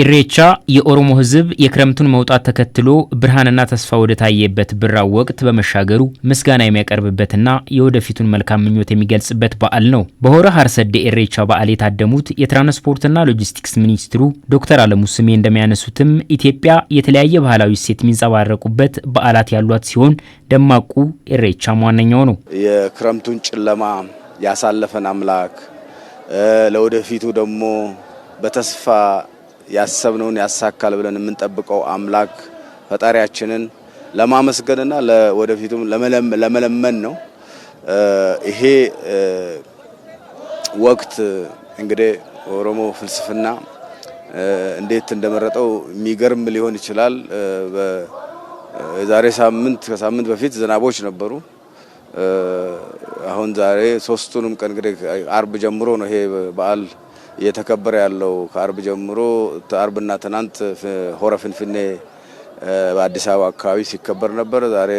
ኢሬቻ የኦሮሞ ሕዝብ የክረምቱን መውጣት ተከትሎ ብርሃንና ተስፋ ወደ ታየበት ብራው ወቅት በመሻገሩ ምስጋና የሚያቀርብበትና የወደፊቱን መልካም ምኞት የሚገልጽበት በዓል ነው። በሆረ ሀርሰዴ ኢሬቻ በዓል የታደሙት የትራንስፖርትና ሎጂስቲክስ ሚኒስትሩ ዶክተር አለሙ ስሜ እንደሚያነሱትም ኢትዮጵያ የተለያየ ባህላዊ እሴት የሚንጸባረቁበት በዓላት ያሏት ሲሆን ደማቁ ኢሬቻም ዋነኛው ነው። የክረምቱን ጨለማ ያሳለፈን አምላክ ለወደፊቱ ደግሞ በተስፋ ያሰብነውን ያሳካል ብለን የምንጠብቀው አምላክ ፈጣሪያችንን ለማመስገንና ወደፊቱም ለመለመን ነው። ይሄ ወቅት እንግዲህ ኦሮሞ ፍልስፍና እንዴት እንደመረጠው የሚገርም ሊሆን ይችላል። የዛሬ ሳምንት ከሳምንት በፊት ዝናቦች ነበሩ። አሁን ዛሬ ሶስቱንም ቀን እንግዲህ አርብ ጀምሮ ነው ይሄ በዓል እየተከበረ ያለው ከአርብ ጀምሮ አርብና ትናንት ሆረ ፍንፍኔ በአዲስ አበባ አካባቢ ሲከበር ነበር። ዛሬ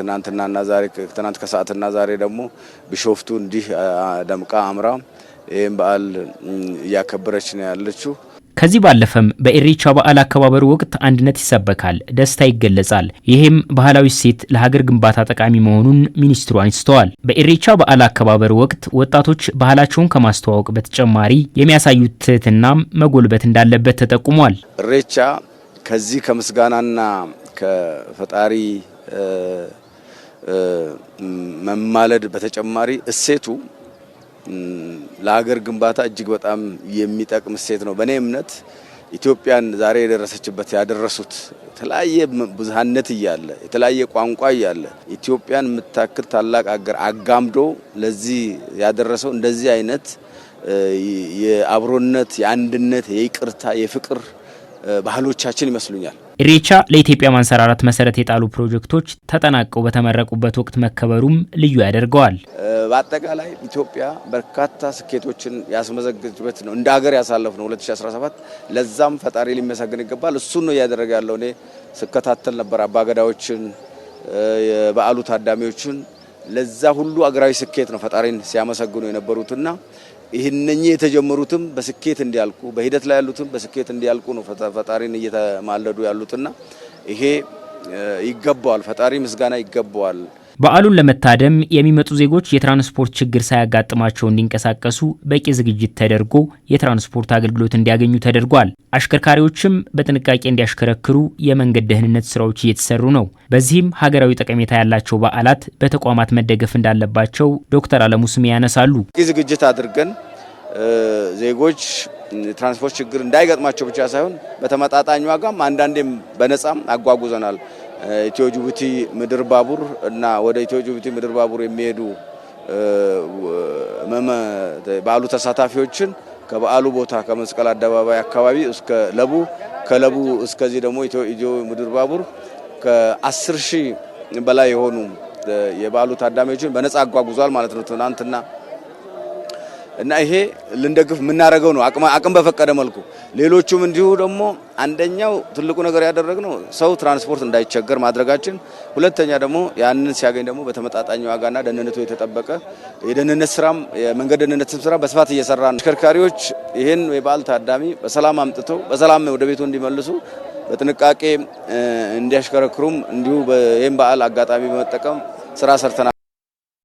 ትናንትናና ዛሬ ትናንት ከሰዓትና ዛሬ ደግሞ ቢሾፍቱ እንዲህ ደምቃ አምራ ይህም በዓል እያከበረች ነው ያለችው። ከዚህ ባለፈም በኢሬቻ በዓል አከባበሩ ወቅት አንድነት ይሰበካል፣ ደስታ ይገለጻል። ይህም ባህላዊ እሴት ለሀገር ግንባታ ጠቃሚ መሆኑን ሚኒስትሩ አንስተዋል። በኢሬቻ በዓል አከባበሩ ወቅት ወጣቶች ባህላቸውን ከማስተዋወቅ በተጨማሪ የሚያሳዩት ትህትና መጎልበት እንዳለበት ተጠቁሟል። ኢሬቻ ከዚህ ከምስጋናና ከፈጣሪ መማለድ በተጨማሪ እሴቱ ለሀገር ግንባታ እጅግ በጣም የሚጠቅም እሴት ነው። በእኔ እምነት ኢትዮጵያን ዛሬ የደረሰችበት ያደረሱት የተለያየ ብዝሃነት እያለ የተለያየ ቋንቋ እያለ ኢትዮጵያን የምታክል ታላቅ ሀገር አጋምዶ ለዚህ ያደረሰው እንደዚህ አይነት የአብሮነት፣ የአንድነት፣ የይቅርታ፣ የፍቅር ባህሎቻችን ይመስሉኛል። ኢሬቻ ለኢትዮጵያ ማንሰራራት መሰረት የጣሉ ፕሮጀክቶች ተጠናቀው በተመረቁበት ወቅት መከበሩም ልዩ ያደርገዋል። በአጠቃላይ ኢትዮጵያ በርካታ ስኬቶችን ያስመዘገችበት ነው። እንደ ሀገር ያሳለፍ ነው 2017። ለዛም ፈጣሪ ሊመሰግን ይገባል። እሱን ነው እያደረገ ያለው። እኔ ስከታተል ነበር አባገዳዎችን፣ የበዓሉ ታዳሚዎችን ለዛ ሁሉ አገራዊ ስኬት ነው ፈጣሪን ሲያመሰግኑ የነበሩትና ይህነኚህ የተጀመሩትም በስኬት እንዲያልቁ በሂደት ላይ ያሉትም በስኬት እንዲያልቁ ነው ፈጣሪን እየተማለዱ ያሉትና ይሄ ይገባዋል፣ ፈጣሪ ምስጋና ይገባዋል። በዓሉን ለመታደም የሚመጡ ዜጎች የትራንስፖርት ችግር ሳያጋጥማቸው እንዲንቀሳቀሱ በቂ ዝግጅት ተደርጎ የትራንስፖርት አገልግሎት እንዲያገኙ ተደርጓል። አሽከርካሪዎችም በጥንቃቄ እንዲያሽከረክሩ የመንገድ ደህንነት ስራዎች እየተሰሩ ነው። በዚህም ሀገራዊ ጠቀሜታ ያላቸው በዓላት በተቋማት መደገፍ እንዳለባቸው ዶክተር አለሙ ስሜ ያነሳሉ። በቂ ዝግጅት አድርገን ዜጎች ትራንስፖርት ችግር እንዳይገጥማቸው ብቻ ሳይሆን በተመጣጣኝ ዋጋም አንዳንዴም በነጻም አጓጉዘናል። ኢትዮ ጅቡቲ ምድር ባቡር እና ወደ ኢትዮ ጅቡቲ ምድር ባቡር የሚሄዱ በዓሉ ተሳታፊዎችን ከበዓሉ ቦታ ከመስቀል አደባባይ አካባቢ እስከ ለቡ ከለቡ እስከዚህ ደግሞ ኢትዮ ምድር ባቡር ከአስር ሺህ በላይ የሆኑ የበዓሉ ታዳሚዎችን በነጻ አጓጉዟል ማለት ነው ትናንትና እና ይሄ ልንደግፍ የምናደርገው ነው፣ አቅም በፈቀደ መልኩ። ሌሎቹም እንዲሁ ደግሞ አንደኛው ትልቁ ነገር ያደረግነው ሰው ትራንስፖርት እንዳይቸገር ማድረጋችን፣ ሁለተኛ ደግሞ ያንን ሲያገኝ ደግሞ በተመጣጣኝ ዋጋና ደህንነቱ የተጠበቀ የደህንነት ስራም የመንገድ ደህንነት ስራ በስፋት እየሰራ ነው። ተሽከርካሪዎች ይህን የበዓል ታዳሚ በሰላም አምጥተው በሰላም ወደ ቤቱ እንዲመልሱ በጥንቃቄ እንዲያሽከረክሩም እንዲሁ ይህን በዓል አጋጣሚ በመጠቀም ስራ ሰርተናል።